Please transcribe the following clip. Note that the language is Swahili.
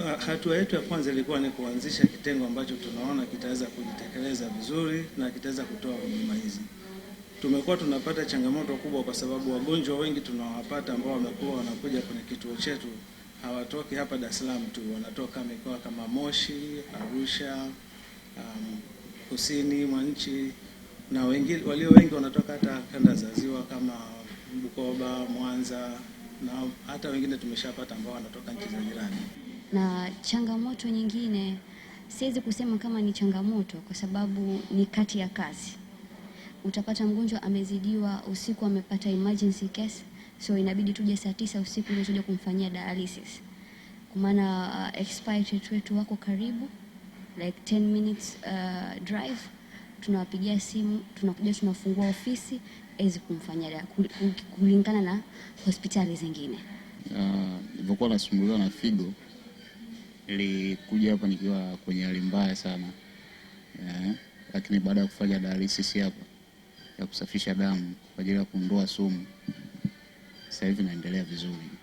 Uh, hatua yetu ya kwanza ilikuwa ni kuanzisha kitengo ambacho tunaona kitaweza kujitekeleza vizuri na kitaweza kutoa huduma hizi. Tumekuwa tunapata changamoto kubwa, kwa sababu wagonjwa wengi tunawapata ambao wamekuwa wanakuja kwenye kituo chetu hawatoki hapa Dar es Salaam tu, wanatoka mikoa kama Moshi, Arusha, um, kusini mwa nchi na wengi, walio wengi wanatoka hata kanda za ziwa kama Bukoba, Mwanza na hata wengine tumeshapata ambao wanatoka nchi za jirani. Na changamoto nyingine siwezi kusema kama ni changamoto, kwa sababu ni kati ya kazi. Utapata mgonjwa amezidiwa usiku, amepata emergency case, so inabidi tuje saa tisa usiku ndio tuje kumfanyia dialysis, kwa maana uh, expiry date wetu wako karibu like 10 minutes uh, drive tunawapigia simu, tunakuja, tunafungua ofisi ezi kumfanyia kulingana na hospitali zingine. Uh, nilipokuwa nasumbuliwa na figo nilikuja hapa nikiwa kwenye hali mbaya sana yeah. Lakini baada ya kufanya dialysis hapa ya kusafisha damu kwa ajili ya kuondoa sumu, sasa hivi naendelea vizuri.